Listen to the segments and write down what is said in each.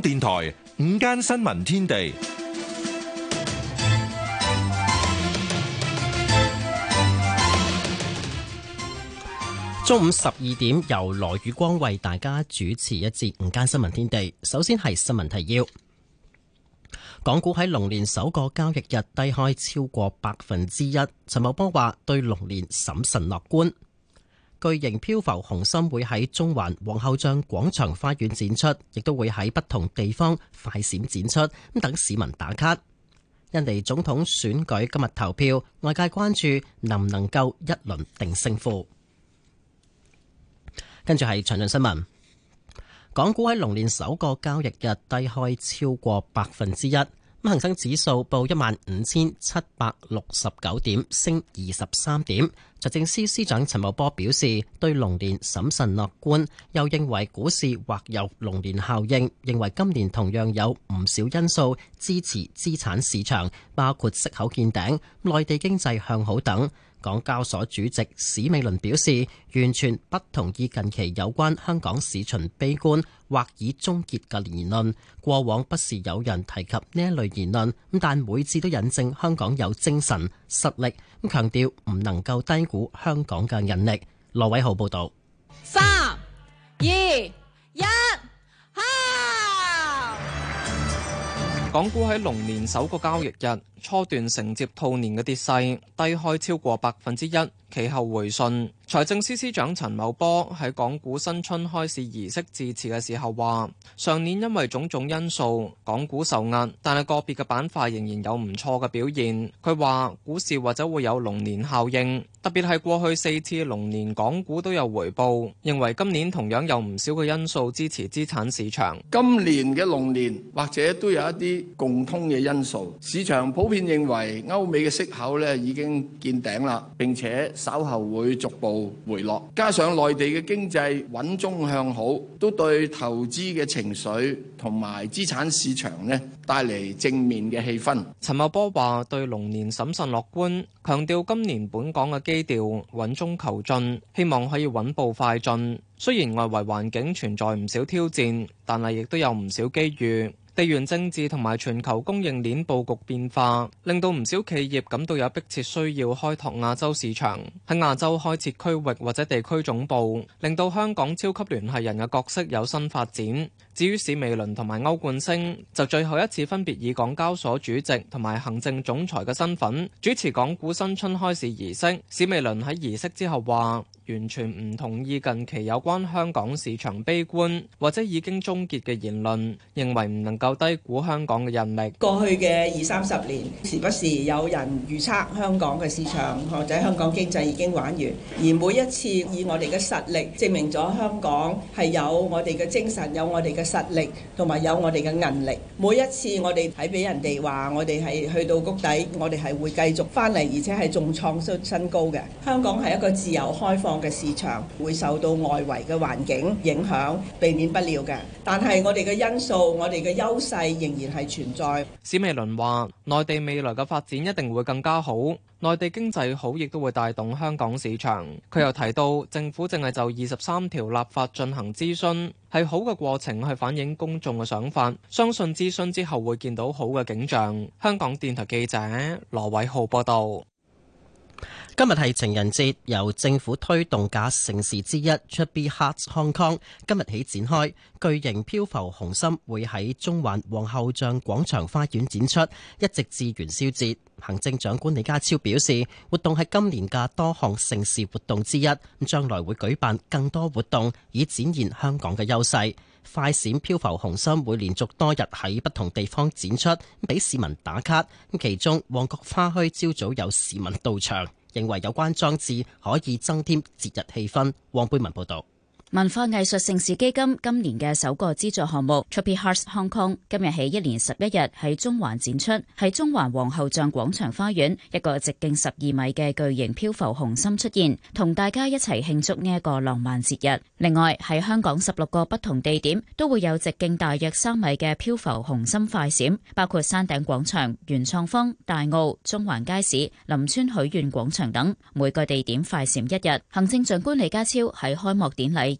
電台午間新聞天地，中午十二點由羅宇光為大家主持一節午間新聞天地。首先係新聞提要：港股喺龍年首個交易日低開超過百分之一。陳茂波話對龍年審慎樂觀。巨型漂浮紅心會喺中環皇后像廣場花園展出，亦都會喺不同地方快閃展出，等市民打卡。印尼總統選舉今日投票，外界關注能唔能夠一輪定勝負。跟住係詳盡新聞，港股喺龍年首個交易日低開超過百分之一。恒生指數報一萬五千七百六十九點，升二十三點。財政司司長陳茂波表示，對龍年審慎樂觀，又認為股市或有龍年效應，認為今年同樣有唔少因素支持資產市場，包括息口見頂、內地經濟向好等。港交所主席史美倫表示，完全不同意近期有關香港市場悲觀或已終結嘅言論。過往不時有人提及呢一類言論，咁但每次都引證香港有精神、實力，咁強調唔能夠低估香港嘅韌力。羅偉豪報道。三、二、一，好！港股喺龍年首個交易日。初段承接兔年嘅跌勢，低開超過百分之一，其後回信。財政司司長陳茂波喺港股新春開市儀式致辭嘅時候話，上年因為種種因素，港股受壓，但係個別嘅板塊仍然有唔錯嘅表現。佢話股市或者會有龍年效應，特別係過去四次龍年港股都有回報，認為今年同樣有唔少嘅因素支持資產市場，今年嘅龍年或者都有一啲共通嘅因素，市場普。普遍認為歐美嘅息口咧已經見頂啦，並且稍後會逐步回落。加上內地嘅經濟穩中向好，都對投資嘅情緒同埋資產市場咧帶嚟正面嘅氣氛。陳茂波話：對龍年審慎樂觀，強調今年本港嘅基調穩中求進，希望可以穩步快進。雖然外圍環境存在唔少挑戰，但係亦都有唔少機遇。地緣政治同埋全球供應鏈佈局變化，令到唔少企業感到有迫切需要開拓亞洲市場，喺亞洲開設區域或者地區總部，令到香港超級聯繫人嘅角色有新發展。至於史美倫同埋歐冠星，就最後一次分別以港交所主席同埋行政總裁嘅身份主持港股新春開市儀式。史美倫喺儀式之後話：完全唔同意近期有關香港市場悲觀或者已經終結嘅言論，認為唔能夠低估香港嘅韌力。過去嘅二三十年，時不時有人預測香港嘅市場或者香港經濟已經玩完，而每一次以我哋嘅實力證明咗香港係有我哋嘅精神，有我哋嘅實力同埋有我哋嘅韌力，每一次我哋睇俾人哋話，我哋係去到谷底，我哋係會繼續翻嚟，而且係仲創新高嘅。香港係一個自由開放嘅市場，會受到外圍嘅環境影響，避免不了嘅。但係我哋嘅因素，我哋嘅優勢仍然係存在。史美倫話，內地未來嘅發展一定會更加好。內地經濟好，亦都會帶動香港市場。佢又提到，政府淨係就二十三條立法進行諮詢，係好嘅過程去反映公眾嘅想法。相信諮詢之後會見到好嘅景象。香港電台記者羅偉浩報道。今日係情人節，由政府推動嘅盛事之一 Chubby Hearts Hong Kong 今日起展開，巨型漂浮紅心會喺中環皇后像廣場花園展出，一直至元宵節。行政長官李家超表示，活動係今年嘅多項盛事活動之一。咁將來會舉辦更多活動，以展現香港嘅優勢。快閃漂浮紅心會連續多日喺不同地方展出，俾市民打卡。其中旺角花墟朝早有市民到場，認為有關裝置可以增添節日氣氛。黃貝文報導。文化藝術盛事基金今年嘅首個資助項目《Trophy Hearts Hong Kong》今日起一連十一日喺中環展出，喺中環皇后像廣場花園一個直徑十二米嘅巨型漂浮紅心出現，同大家一齊慶祝呢一個浪漫節日。另外喺香港十六個不同地點都會有直徑大約三米嘅漂浮紅心快閃，包括山頂廣場、原創坊、大澳、中環街市、林村許願廣場等，每個地點快閃一日。行政長官李家超喺開幕典禮。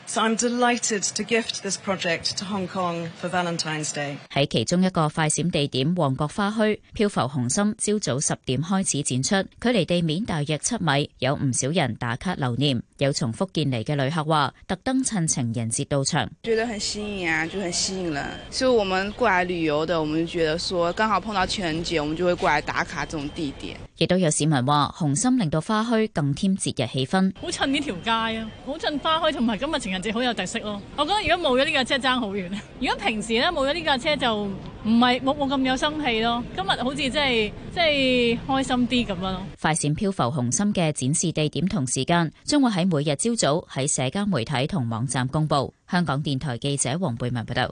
So, I'm delighted to gift this project to Hong Kong for Valentine's Day。喺其中一個快閃地點旺角花墟，漂浮紅心朝早十點開始展出，距離地面大約七米，有唔少人打卡留念。有從福建嚟嘅旅客話，特登趁，趁情人節到場。覺得很吸引啊，就很吸引人，啊。所以我們過來旅遊的，我們就覺得說，剛好碰到情人節，我們就會過來打卡這種地點。亦都有市民話，紅心令到花墟更添節日氣氛。好襯呢條街啊，好襯花墟同埋今日情人。就好有特色咯！我覺得如果冇咗呢架車爭好遠，如果平時咧冇咗呢架車就唔係冇冇咁有生氣咯。今日好似真係真係開心啲咁樣咯。快閃漂浮紅心嘅展示地點同時間，將會喺每日朝早喺社交媒體同網站公布。香港電台記者黃貝文報道。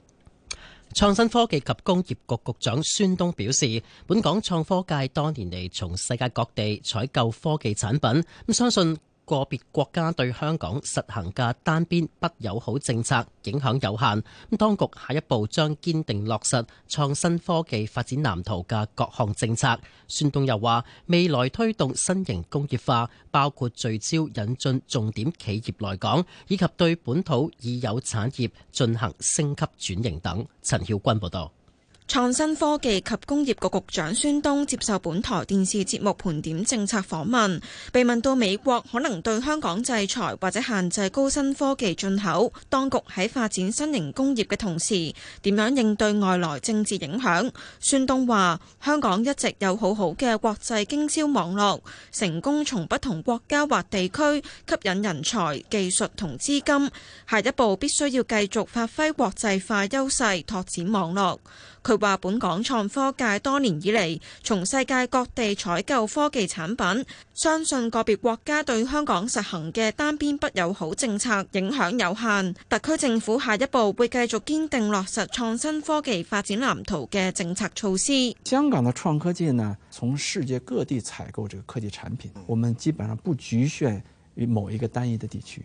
創新科技及工業局局長孫東表示，本港創科界多年嚟從世界各地採購科技產品，咁相信。個別國家對香港實行嘅單邊不友好政策影響有限，咁當局下一步將堅定落實創新科技發展藍圖嘅各項政策。孫東又話，未來推動新型工業化，包括聚焦引進重點企業來港，以及對本土已有產業進行升級轉型等。陳曉君報道。創新科技及工業局局長孫東接受本台電視節目《盤點政策》訪問，被問到美國可能對香港制裁，或者限制高新科技進口，當局喺發展新型工業嘅同時，點樣應對外來政治影響？孫東話：香港一直有好好嘅國際經銷網絡，成功從不同國家或地區吸引人才、技術同資金。下一步必須要繼續發揮國際化優勢，拓展網絡。佢話本港創科界多年以嚟，從世界各地採購科技產品，相信個別國家對香港實行嘅單邊不友好政策影響有限。特區政府下一步會繼續堅定落實創新科技發展藍圖嘅政策措施。香港嘅創科技呢，從世界各地採購這個科技產品，我們基本上不局限於某一個單一的地區。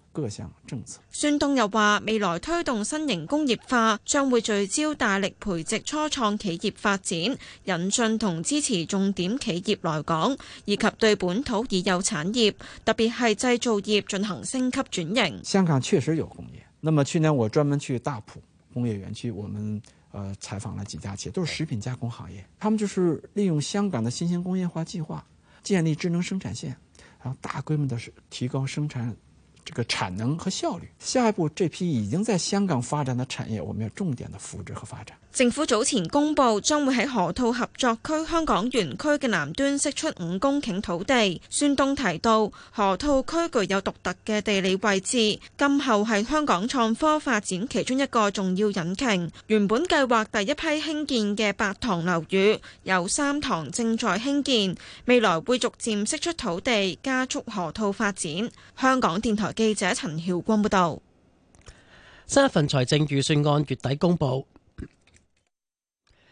各項政策，孫東又話：未來推動新型工業化，將會聚焦大力培植初創企業發展，引進同支持重點企業來港，以及對本土已有產業，特別係製造業進行升級轉型。香港確實有工業，那麼去年我專門去大埔工業園區，我們呃，採訪了幾家企業，都是食品加工行業，他們就是利用香港的新型工業化計劃，建立智能生產線，然後大規模的提高生產。這個產能和效率，下一步這批已經在香港發展的產業，我們要重點的扶植和發展。政府早前公布，將會喺河套合作區香港園區嘅南端釋出五公頃土地。孫東提到，河套區具有獨特嘅地理位置，今後係香港創科發展其中一個重要引擎。原本計劃第一批興建嘅八幢樓宇，有三幢正在興建，未來會逐漸釋出土地，加速河套發展。香港電台記者陳曉光報道。新一份財政預算案月底公布。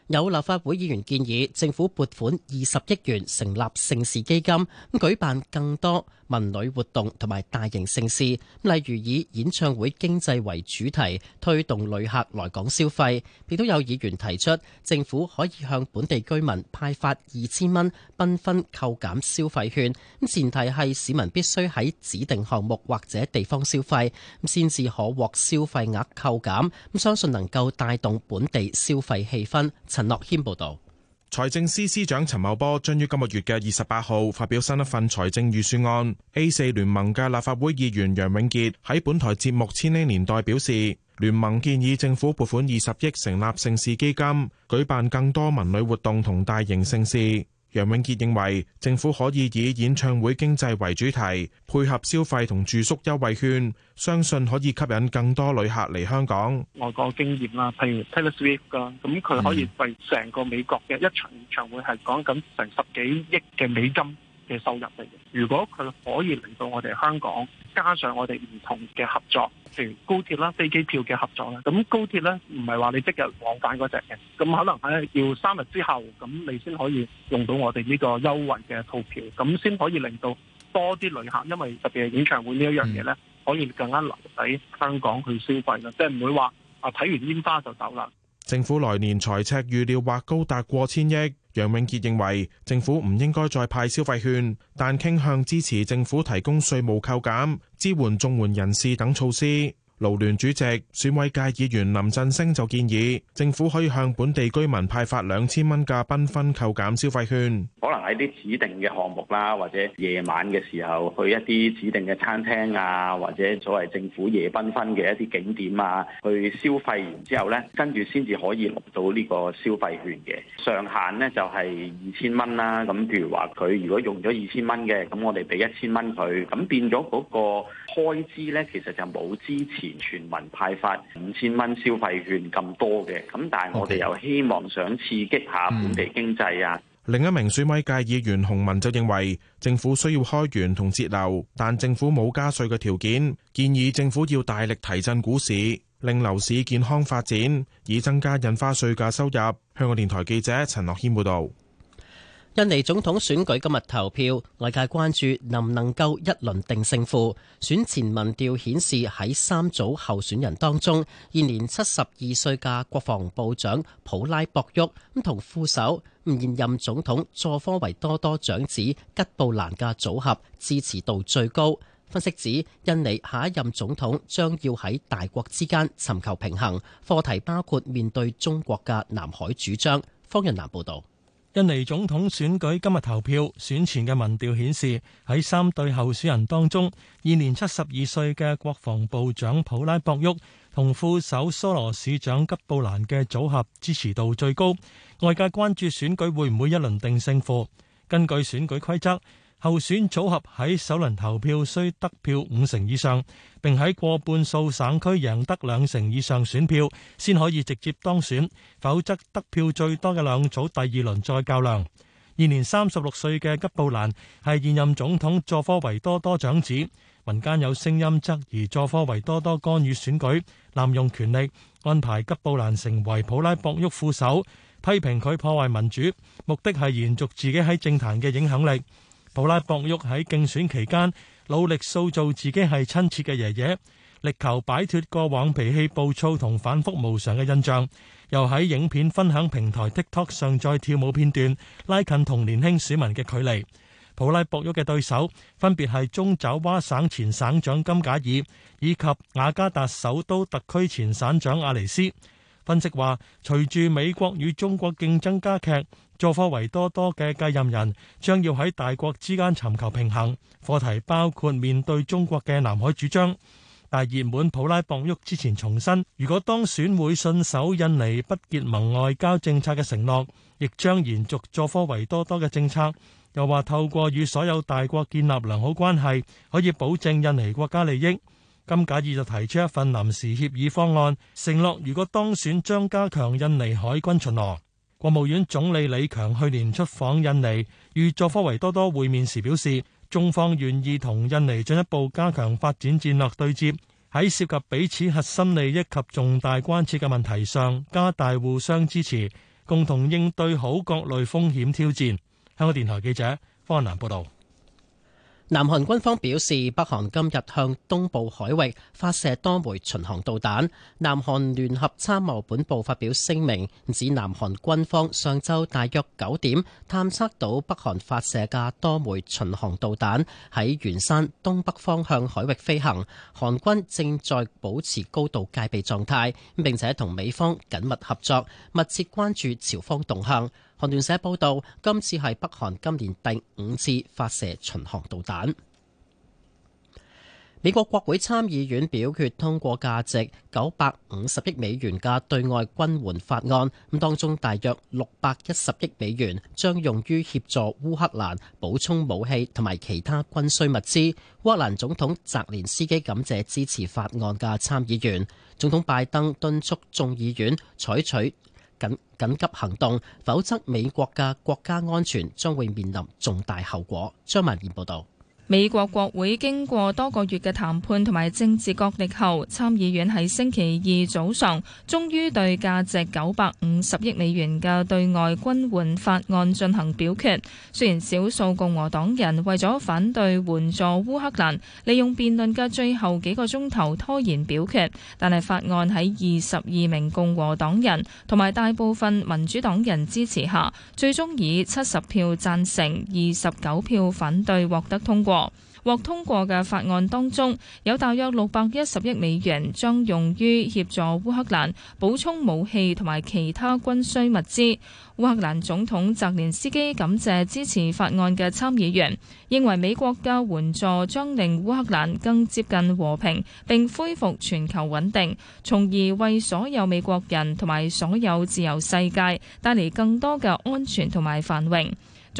有立法會議員建議政府撥款二十億元成立盛事基金，咁舉辦更多，文旅活動同埋大型盛事，例如以演唱會經濟為主題，推動旅客來港消費。亦都有議員提出，政府可以向本地居民派發二千蚊繽紛扣減消費券，咁前提係市民必須喺指定項目或者地方消費，咁先至可獲消費額扣減。咁相信能夠帶動本地消費氣氛。陳樂軒報導。財政司司長陳茂波將於今個月嘅二十八號發表新一份財政預算案。A 四聯盟嘅立法會議員楊永傑喺本台節目《千禧年代》表示，聯盟建議政府撥款二十億成立盛事基金，舉辦更多文旅活動同大型盛事。楊永傑認為政府可以以演唱會經濟為主題，配合消費同住宿優惠券，相信可以吸引更多旅客嚟香港。外國經驗啦，譬如 Taylor Swift 啦，咁佢可以為成個美國嘅一場演唱會係講緊成十幾億嘅美金，嘅收入嚟嘅，如果佢可以令到我哋香港加上我哋唔同嘅合作，譬如高鐵啦、飛機票嘅合作啦，咁高鐵咧唔係話你即日往返嗰隻嘅，咁可能咧要三日之後，咁你先可以用到我哋呢個優惠嘅套票，咁先可以令到多啲旅客，因為特別係演唱會呢一樣嘢咧，可以更加留喺香港去消費啦，即係唔會話啊睇完煙花就走啦。政府來年財赤預料或高達過千億。楊永杰認為政府唔應該再派消費券，但傾向支持政府提供稅務扣減、支援綜援人士等措施。勞聯主席、選委界議員林振升就建議，政府可以向本地居民派發兩千蚊嘅繽紛扣減消費券，可能喺啲指定嘅項目啦，或者夜晚嘅時候去一啲指定嘅餐廳啊，或者所謂政府夜繽紛嘅一啲景點啊，去消費完之後咧，跟住先至可以攞到呢個消費券嘅上限咧，就係二千蚊啦。咁譬如話佢如果用咗二千蚊嘅，咁我哋俾一千蚊佢，咁變咗嗰、嗰個。開支呢，其實就冇之前全民派發五千蚊消費券咁多嘅。咁但係我哋又希望想刺激下本地經濟啊。另一名選委界議員洪文就認為，政府需要開源同節流，但政府冇加稅嘅條件，建議政府要大力提振股市，令樓市健康發展，以增加印花稅嘅收入。香港電台記者陳樂軒報道。印尼總統選舉今日投票，外界關注能唔能夠一輪定勝負。選前民調顯示喺三組候選人當中，現年七十二歲嘅國防部長普拉博沃咁，同副手現任總統佐科維多多長子吉布蘭嘅組合支持度最高。分析指，印尼下一任總統將要喺大國之間尋求平衡，課題包括面對中國嘅南海主張。方潤南報道。印尼總統選舉今日投票，選前嘅民調顯示，喺三對候選人當中，現年七十二歲嘅國防部長普拉博沃同副手蘇羅市長吉布蘭嘅組合支持度最高。外界關注選舉會唔會一輪定勝負？根據選舉規則。候選組合喺首輪投票需得票五成以上，並喺過半數省區贏得兩成以上選票，先可以直接當選。否則得票最多嘅兩組第二輪再較量。現年三十六歲嘅吉布蘭係現任總統佐科維多多長子，民間有聲音質疑佐科維多多干預選舉、濫用權力安排吉布蘭成為普拉博沃副手，批評佢破壞民主，目的係延續自己喺政壇嘅影響力。普拉博沃喺競選期間努力塑造自己係親切嘅爺爺，力求擺脫過往脾氣暴躁同反復無常嘅印象，又喺影片分享平台 TikTok 上載跳舞片段，拉近同年輕市民嘅距離。普拉博沃嘅對手分別係中爪哇省前省長金甲爾以及雅加達首都特區前省長阿尼斯。分析話隨住美國與中國競爭加劇。佐科維多多嘅繼任人將要喺大國之間尋求平衡，課題包括面對中國嘅南海主張。大熱門普拉博沃之前重申，如果當選會信守印尼不結盟外交政策嘅承諾，亦將延續佐科維多多嘅政策。又話透過與所有大國建立良好關係，可以保證印尼國家利益。金解義就提出一份臨時協議方案，承諾如果當選將加強印尼海軍巡邏。國務院總理李強去年出訪印尼，與佐科維多多會面時表示，中方願意同印尼進一步加強發展戰略對接，喺涉及彼此核心利益及重大關切嘅問題上加大互相支持，共同應對好各類風險挑戰。香港電台記者方韻南報道。南韓軍方表示，北韓今日向東部海域發射多枚巡航導彈。南韓聯合參謀本部發表聲明，指南韓軍方上週大約九點探測到北韓發射嘅多枚巡航導彈喺元山東北方向海域飛行。韓軍正在保持高度戒備狀態，並且同美方緊密合作，密切關注朝方動向。韓聯社報道，今次係北韓今年第五次發射巡航導彈。美國國會參議院表決通過價值九百五十億美元嘅對外軍援法案，咁當中大約六百一十億美元將用於協助烏克蘭補充武器同埋其他軍需物資。烏克蘭總統澤連斯基感謝支持法案嘅參議員，總統拜登敦促眾議院採取。緊緊急行動，否則美國嘅國家安全將會面臨重大後果。張文燕報道。美國國會經過多個月嘅談判同埋政治角力後，參議院喺星期二早上終於對價值九百五十億美元嘅對外軍援法案進行表決。雖然少數共和黨人為咗反對援助烏克蘭，利用辯論嘅最後幾個鐘頭拖延表決，但係法案喺二十二名共和黨人同埋大部分民主黨人支持下，最終以七十票贊成、二十九票反對獲得通過。獲通過嘅法案當中，有大約六百一十億美元將用於協助烏克蘭補充武器同埋其他軍需物資。烏克蘭總統澤連斯基感謝支持法案嘅參議員，認為美國嘅援助將令烏克蘭更接近和平，並恢復全球穩定，從而為所有美國人同埋所有自由世界帶嚟更多嘅安全同埋繁榮。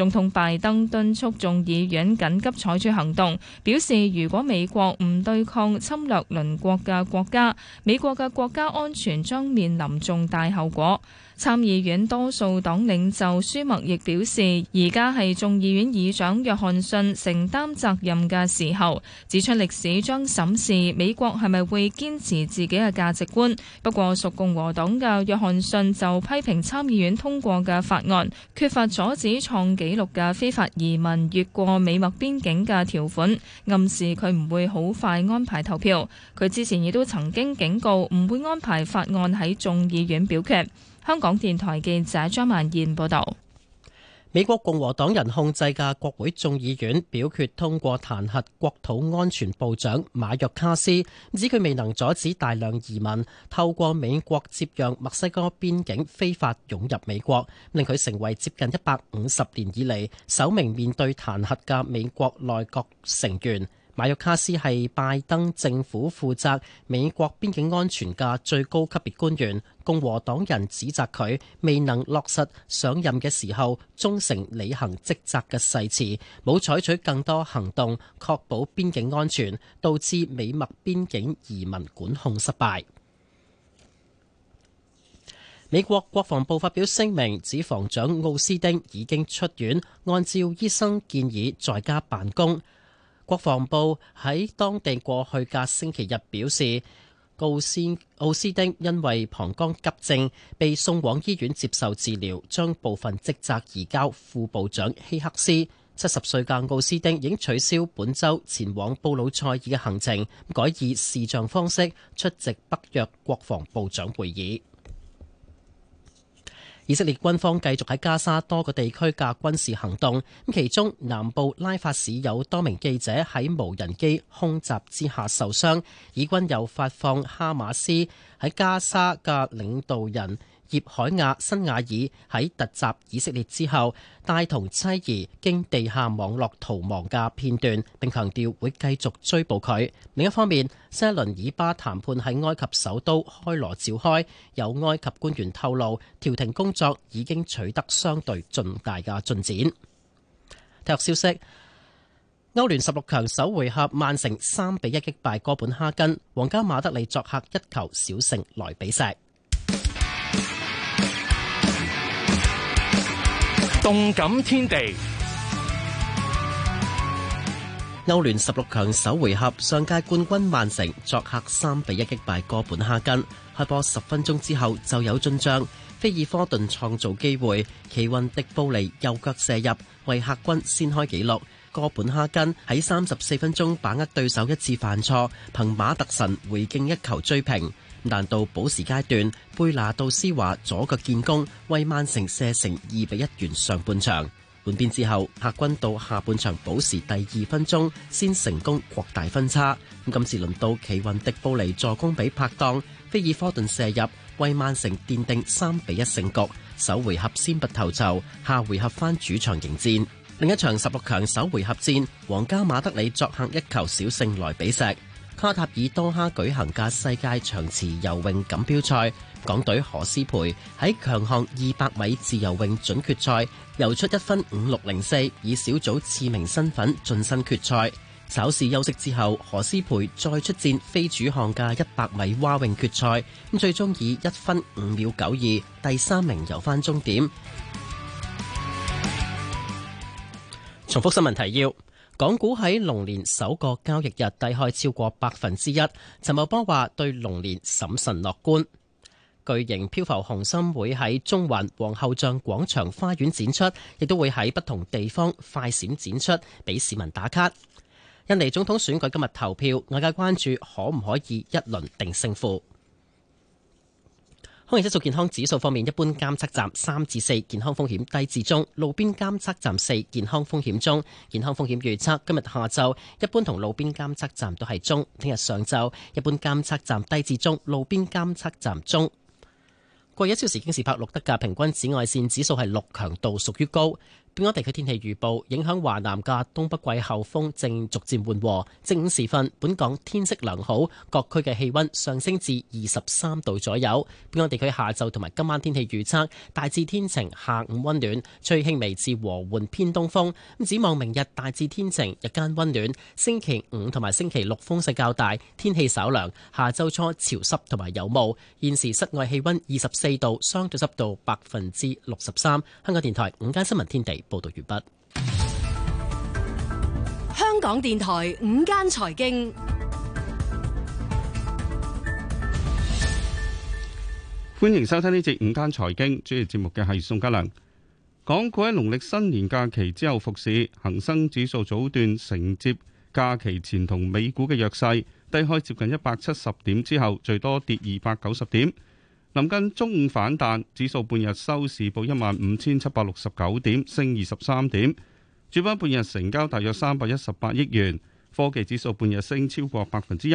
總統拜登敦促眾議院緊急採取行動，表示如果美國唔對抗侵略鄰國嘅國家，美國嘅國家安全將面臨重大後果。參議院多數黨領袖舒默亦表示，而家係眾議院議長約翰遜承擔責任嘅時候，指出歷史將審視美國係咪會堅持自己嘅價值觀。不過，屬共和黨嘅約翰遜就批評參議院通過嘅法案缺乏阻止創紀錄嘅非法移民越過美墨邊境嘅條款，暗示佢唔會好快安排投票。佢之前亦都曾經警告唔會安排法案喺眾議院表決。香港電台記者張曼燕報道：美國共和黨人控制嘅國會眾議院表決通過彈劾國土安全部長馬約卡斯，指佢未能阻止大量移民透過美國接壤墨西哥邊境非法湧入美國，令佢成為接近一百五十年以嚟，首名面對彈劾嘅美國內閣成員。馬約卡斯係拜登政府負責美國邊境安全嘅最高級別官員，共和黨人指責佢未能落實上任嘅時候忠誠履行職責嘅誓詞，冇採取更多行動確保邊境安全，導致美墨邊境移民管控失敗。美國國防部發表聲明指，防長奧斯丁已經出院，按照醫生建議在家辦公。國防部喺當地過去嘅星期日表示，奧斯奧斯汀因為膀胱急症被送往醫院接受治療，將部分職責移交副部長希克斯。七十歲嘅奧斯汀已經取消本周前往布魯塞爾嘅行程，改以視像方式出席北約國防部長會議。以色列軍方繼續喺加沙多個地區嘅軍事行動，咁其中南部拉法市有多名記者喺無人機空襲之下受傷。以軍又發放哈馬斯喺加沙嘅領導人。葉海亞、新瓦爾喺突襲以色列之後，帶同妻兒經地下網絡逃亡嘅片段，並強調會繼續追捕佢。另一方面，新一輪以巴談判喺埃及首都開羅召開，有埃及官員透露，調停工作已經取得相對重大嘅進展。體育消息：歐聯十六強首回合，曼城三比一擊敗哥本哈根；皇家馬德里作客一球小勝萊比錫。動感天地。歐聯十六強首回合，上屆冠軍曼城作客三比一擊敗哥本哈根。開波十分鐘之後就有進賬，菲爾科頓創造機會，奇運迪布利右腳射入，為客軍先開紀錄。哥本哈根喺三十四分鐘把握對手一次犯錯，憑馬特臣回敬一球追平。但到補時階段，貝拿度斯華左腳建功，為曼城射成二比一完上半場。換邊之後，客軍到下半場補時第二分鐘先成功擴大分差。今次輪到奇雲迪布尼助攻俾拍檔菲爾科頓射入，為曼城奠定三比一勝局。首回合先拔頭籌，下回合返主場迎戰。另一場十六強首回合戰，皇家馬德里作客一球小勝來比錫。卡塔爾多哈舉行嘅世界長池游泳錦標賽，港隊何詩蓓喺強項二百米自由泳準決賽游出一分五六零四，以小組次名身份晉身決賽。稍事休息之後，何詩蓓再出戰非主項嘅一百米蛙泳決賽，最終以一分五秒九二第三名游翻終點。重複新聞提要。港股喺龍年首個交易日低開超過百分之一。陳茂波話對龍年審慎樂觀。巨型漂浮紅心會喺中環皇后像廣場花園展出，亦都會喺不同地方快閃展出，俾市民打卡。印尼總統選舉今日投票，外界關注可唔可以一輪定勝負。空氣質素健康指數方面，一般監測站三至四，健康風險低至中；路邊監測站四，健康風險中。健康風險預測，今日下晝一般同路邊監測站都係中，聽日上晝一般監測站低至中，路邊監測站中。過一小時，京士柏錄得嘅平均紫外線指數係六，強度屬於高。本港地區天氣預報。影響華南嘅東北季候風正逐漸緩和。正午時分，本港天色良好，各區嘅氣溫上升至二十三度左右。本港地區下晝同埋今晚天氣預測大致天晴，下午溫暖，吹輕微至和緩偏東風。咁展望明日大致天晴，日間溫暖。星期五同埋星期六風勢較大，天氣稍涼。下周初潮濕同埋有霧。現時室外氣溫二十四度，相對濕度百分之六十三。香港電台午間新聞天地。報道完畢。香港電台午間財經，歡迎收聽呢節午間財經，主持節目嘅係宋嘉良。港股喺農曆新年假期之後復市，恒生指數早段承接假期前同美股嘅弱勢，低開接近一百七十點之後，最多跌二百九十點。臨近中午反彈，指數半日收市報一萬五千七百六十九點，升二十三點。主板半日成交大約三百一十八億元。科技指數半日升超過百分之一。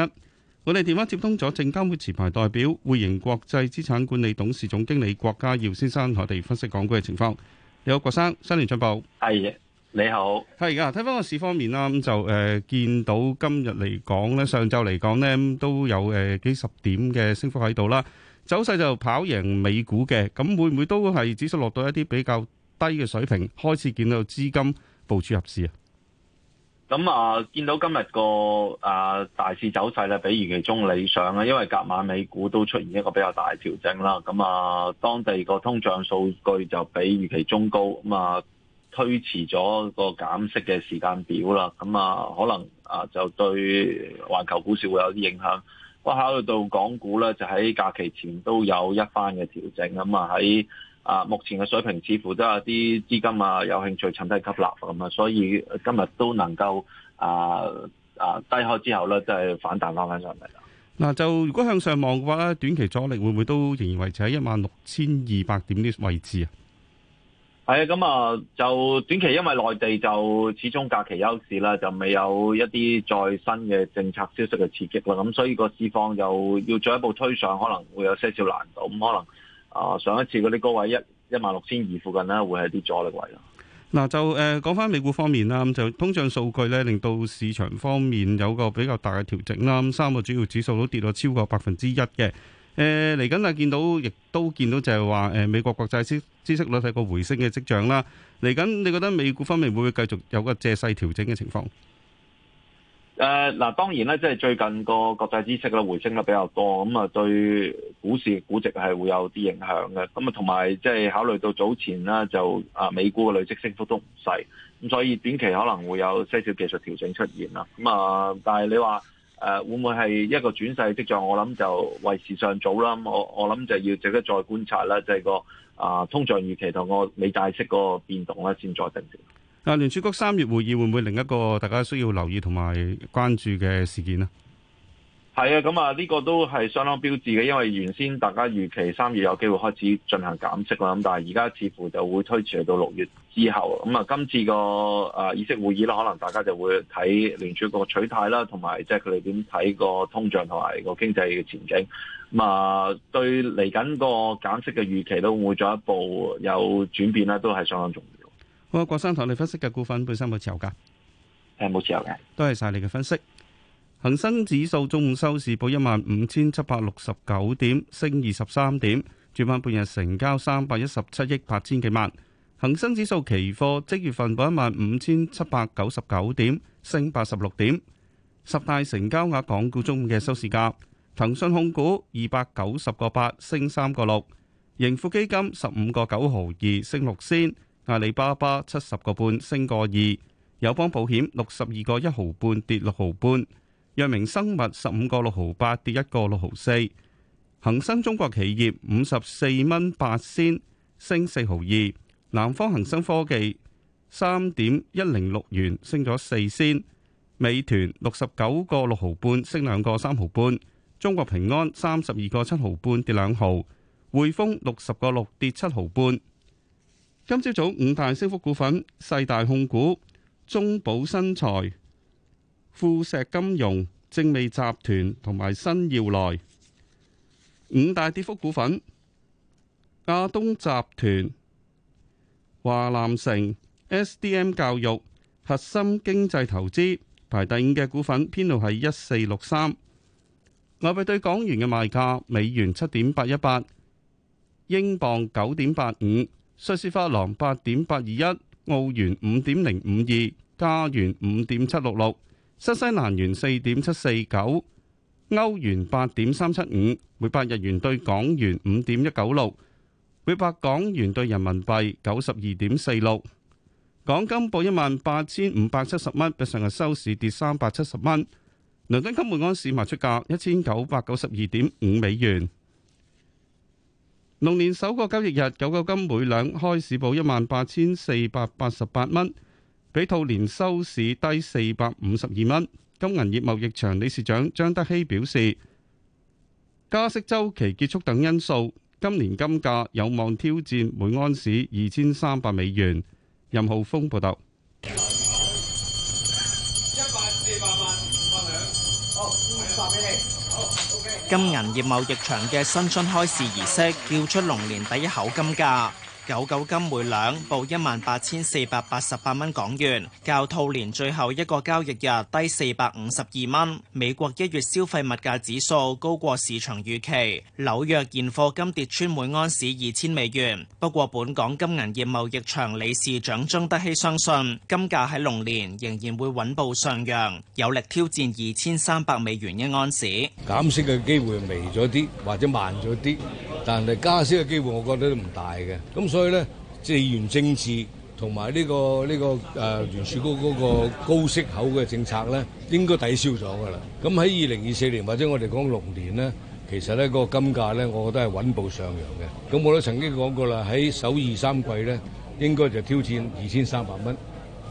我哋電話接通咗證監會持牌代表匯盈國際資產管理董事總經理郭家耀先生，同我哋分析港股嘅情況。你好，郭生，新年進步。係嘅，你好。係嘅，睇翻個市方面啦，咁就誒、呃、見到今日嚟講咧，上晝嚟講呢，都有誒、呃、幾十點嘅升幅喺度啦。走勢就跑贏美股嘅，咁會唔會都係指數落到一啲比較低嘅水平，開始見到資金部署入市啊？咁啊，見到今日個啊大市走勢咧，比預期中理想啦，因為隔晚美股都出現一個比較大嘅調整啦。咁啊，當地個通脹數據就比預期中高，咁啊推遲咗個減息嘅時間表啦。咁啊，可能啊就對環球股市會有啲影響。我考慮到港股咧，就喺假期前都有一番嘅調整，咁、嗯、啊喺啊目前嘅水平似乎都有啲資金啊有興趣趁低吸納，咁、嗯、啊所以今日都能夠啊啊低開之後咧，即、就、係、是、反彈翻翻上嚟啦。嗱、啊，就如果向上望嘅話咧，短期阻力會唔會都仍然維持喺一萬六千二百點啲位置啊？係啊，咁啊就短期，因為內地就始終假期休市啦，就未有一啲再新嘅政策消息嘅刺激啦，咁所以個市況又要進一步推上，可能會有些少難度，咁可能啊上一次嗰啲高位一一萬六千二附近呢，會係啲阻力位咯。嗱、就、呃、誒講翻美股方面啦，咁、嗯、就通脹數據咧令到市場方面有個比較大嘅調整啦，咁、嗯、三個主要指數都跌到超過百分之一嘅。誒，嚟緊啊，見到亦都見到就係話，誒、呃，美國國債孳息率係個回升嘅跡象啦。嚟緊你覺得美股方面會唔會繼續有個借勢調整嘅情況？誒，嗱，當然咧，即、就、係、是、最近個國債孳息啦回升得比較多，咁啊對股市估值係會有啲影響嘅。咁啊，同埋即係考慮到早前啦，就啊美股嘅累積升幅都唔細，咁所以短期可能會有少少技術調整出現啦。咁啊，但係你話。誒、啊，會唔會係一個轉勢跡象？我諗就為時尚早啦。我我諗就要值得再觀察啦，就係、是、個啊通脹預期同個美債息個變動啦，先再定。嗱、啊，聯儲局三月會議會唔會另一個大家需要留意同埋關注嘅事件呢？係啊，咁啊，呢個都係相當標誌嘅，因為原先大家預期三月有機會開始進行減息，我諗，但係而家似乎就會推遲去到六月之後。咁啊，今次個啊議息會議啦，可能大家就會睇聯儲局取態啦，同埋即係佢哋點睇個通脹同埋個經濟嘅前景。咁啊，對嚟緊個減息嘅預期都會進一步有轉變啦，都係相當重要。好啊，郭生，同你分析嘅股份本身冇持有噶，誒，冇持有嘅，多謝晒你嘅分析。恒生指數中午收市報一萬五千七百六十九點，升二十三點。主板半日成交三百一十七億八千幾萬。恒生指數期貨即月份報一萬五千七百九十九點，升八十六點。十大成交額港股中午嘅收市價：騰訊控股二百九十個八，升三個六；盈富基金十五個九毫二，升六仙；阿里巴巴七十個半，升個二；友邦保險六十二個一毫半，跌六毫半。藥明生物十五個六毫八，跌一個六毫四，恒生中國企業五十四蚊八仙，升四毫二，南方恒生科技三點一零六元升咗四仙，美團六十九個六毫半，升兩個三毫半，中國平安三十二個七毫半，跌兩毫，匯豐六十個六，跌七毫半。今朝早五大升幅股份：世大控股、中寶新材。富石金融、正美集團，同埋新耀來。五大跌幅股份。亞東集團、華南城、S D M 教育、核心經濟投資。排第五嘅股份，編號係一四六三。外幣對港元嘅賣價，美元七點八一八，英鎊九點八五，瑞士法郎八點八二一，澳元五點零五二，加元五點七六六。新西蘭元四點七四九，歐元八點三七五，每百日元兌港元五點一九六，每百港元兌人民幣九十二點四六。港金報一萬八千五百七十蚊，比上日收市跌三百七十蚊。倫敦金每盎司賣出價一千九百九十二點五美元。龍年首個交易日，九九金每兩開市報一萬八千四百八十八蚊。比兔年收市低四百五十二蚊。金銀業貿易場理事長張德熙表示，加息周期結束等因素，今年金價有望挑戰每安士二千三百美元。任浩峰報道。金銀業貿易場嘅新春開市儀式，叫出龍年第一口金價。九九金每兩報一萬八千四百八十八蚊港元，較兔年最後一個交易日低四百五十二蚊。美國一月消費物價指數高過市場預期，紐約現貨金跌穿每安士二千美元。不過，本港金銀業貿易場理事長張德熙相信，金價喺龍年仍然會穩步上揚，有力挑戰二千三百美元一安士。減息嘅機會微咗啲，或者慢咗啲，但係加息嘅機會，我覺得都唔大嘅。所以咧，資源政治同埋呢個呢、呢個誒、呃、袁樹高嗰個高息口嘅政策咧，應該抵消咗噶啦。咁喺二零二四年或者我哋講龍年咧，其實咧、嗰個金價咧，我覺得係穩步上揚嘅。咁我都曾經講過啦，喺首二三季咧，應該就挑戰二千三百蚊。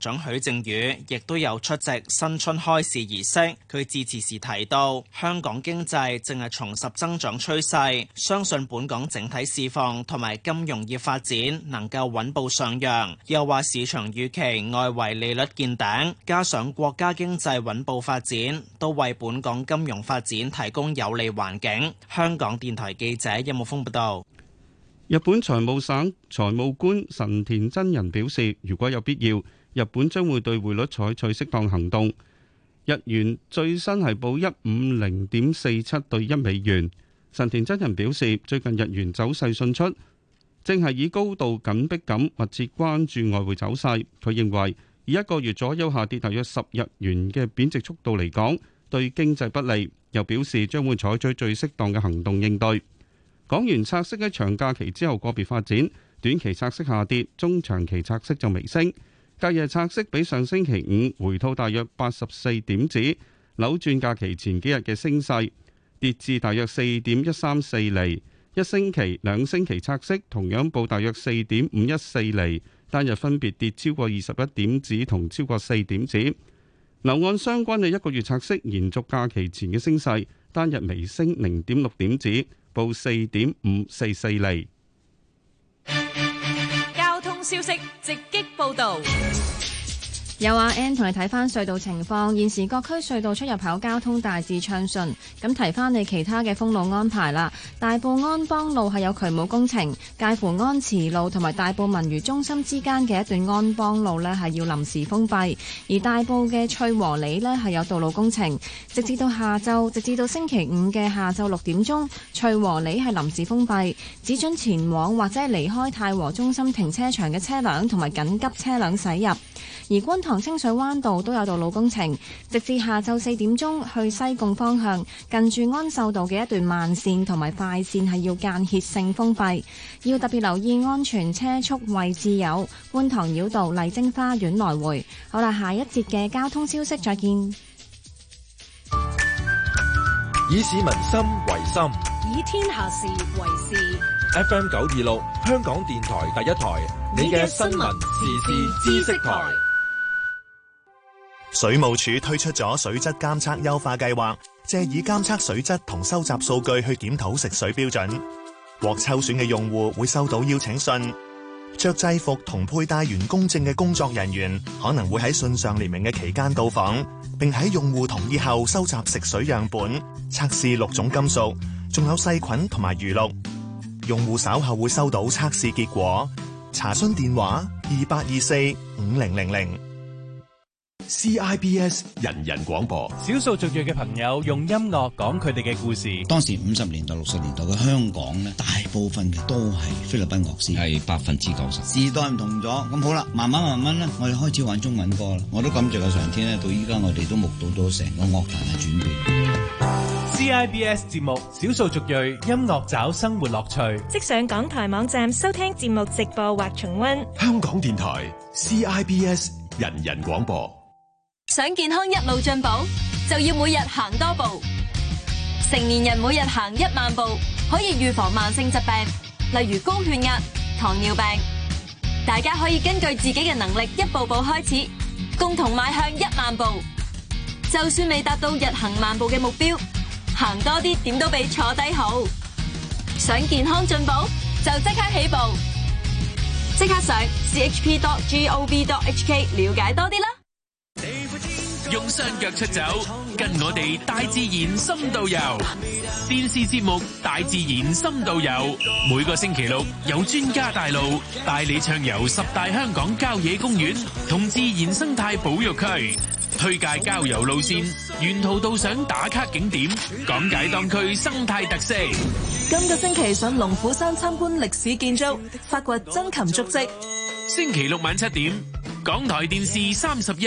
長許正宇亦都有出席新春開市儀式。佢致辭時提到，香港經濟正係重拾增長趨勢，相信本港整體市況同埋金融業發展能夠穩步上揚。又話市場預期外圍利率見頂，加上國家經濟穩步發展，都為本港金融發展提供有利環境。香港電台記者任木峰報道。日本財務省財務官神田真人表示，如果有必要，日本將會對匯率採取適當行動。日元最新係報一五零點四七對一美元。神田真人表示，最近日元走勢迅速，正係以高度緊迫感密切關注外匯走勢。佢認為以一個月左右下跌大約十日元嘅貶值速度嚟講，對經濟不利。又表示將會採取最適當嘅行動應對。港元拆息喺長假期之後個別發展，短期拆息下跌，中長期拆息就微升。隔日拆息比上星期五回吐大約八十四點子，扭轉假期前幾日嘅升勢，跌至大約四點一三四厘。一星期、兩星期拆息同樣報大約四點五一四厘，單日分別跌超過二十一點子同超過四點子。樓按相關嘅一個月拆息延續假期前嘅升勢，單日微升零點六點子，報四點五四四厘。消息直擊報道。Yes. 有阿 N 同你睇翻隧道情況，現時各區隧道出入口交通大致暢順。咁提翻你其他嘅封路安排啦。大埔安邦路係有渠務工程，介乎安慈路同埋大埔文娛中心之間嘅一段安邦路呢係要臨時封閉。而大埔嘅翠和里呢係有道路工程，直至到下晝，直至到星期五嘅下晝六點鐘，翠和里係臨時封閉，只准前往或者係離開太和中心停車場嘅車輛同埋緊急車輛駛入。而觀塘清水灣道都有道路工程，直至下晝四點鐘。去西貢方向，近住安秀道嘅一段慢線同埋快線係要間歇性封閉，要特別留意安全車速。位置有觀塘繞道麗晶花園來回。好啦，下一節嘅交通消息，再見。以市民心為心，以天下事為事。FM 九二六，香港電台第一台，你嘅新聞時事知識台。水務署推出咗水質監測優化計劃，借以監測水質同收集數據去檢討食水標準。獲抽選嘅用戶會收到邀請信，着制服同佩戴員工證嘅工作人員可能會喺信上列明嘅期間到訪，並喺用戶同意後收集食水樣本，測試六種金屬，仲有細菌同埋餘氯。用戶稍後會收到測試結果，查詢電話：二八二四五零零零。CIBS 人人廣播，少數族裔嘅朋友用音樂講佢哋嘅故事。當時五十年代六十年代嘅香港咧，大部分嘅都係菲律賓樂師，係百分之九十。時代唔同咗，咁好啦，慢慢慢慢咧，我哋開始玩中文歌啦。我都感謝個上天咧，到依家我哋都目睹到成個樂壇嘅轉變。CIBS 節目，少數族裔音樂找生活樂趣，即上港台網站收聽節目直播或重溫。香港電台 CIBS 人人廣播。想健康一路進步，就要每日行多步。成年人每日行一萬步可以預防慢性疾病，例如高血壓、糖尿病。大家可以根據自己嘅能力一步步開始，共同邁向一萬步。就算未達到日行萬步嘅目標，行多啲點都比坐低好。想健康進步，就即刻起步，即刻上 chp dot gov dot 用雙腳出走，跟我哋大自然深度遊。電視節目《大自然深度遊》，每個星期六有專家帶路，帶你暢遊十大香港郊野公園同自然生態保育區，推介郊遊路線，沿途到上打卡景點，講解當區生態特色。今個星期上龍虎山參觀歷史建築，發掘珍禽足跡。星期六晚七點，港台電視三十一。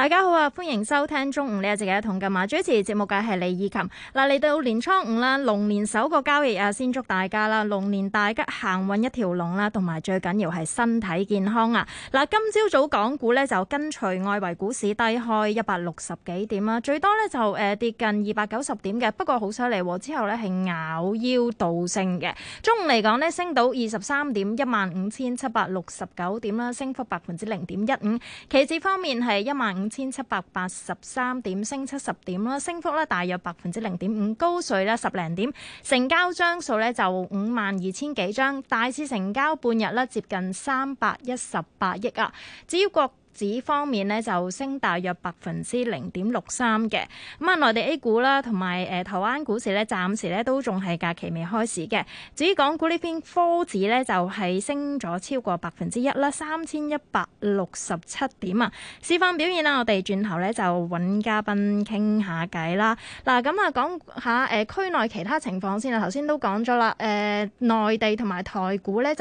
大家好啊，歡迎收聽中午呢一節嘅《同金》啊！主持節目嘅係李以琴。嗱，嚟到年初五啦，龍年首個交易日啊，先祝大家啦，龍年大吉，行運一條龍啦，同埋最緊要係身體健康啊！嗱，今朝早，早港股呢，就跟隨外圍股市低開一百六十幾點啦，最多呢就誒跌近二百九十點嘅，不過好犀利，之後呢係咬腰倒升嘅。中午嚟講呢，升到二十三點一萬五千七百六十九點啦，升幅百分之零點一五。期指方面係一萬五。千七百八十三點，升七十點啦，升幅咧大約百分之零點五，高水咧十零點，成交張數咧就五萬二千幾張，大市成交半日咧接近三百一十八億啊，至於國。指方面呢就升大約百分之零點六三嘅，咁啊內地 A 股啦同埋誒台灣股市呢，暫時呢都仲係假期未開市嘅。至於港股呢邊，科指呢就係、是、升咗超過百分之一啦，三千一百六十七點啊。市況表現啦，我哋轉頭呢就揾嘉賓傾下偈啦。嗱，咁啊講下誒、呃、區內其他情況先啊，頭先都講咗啦，誒、呃、內地同埋台股呢。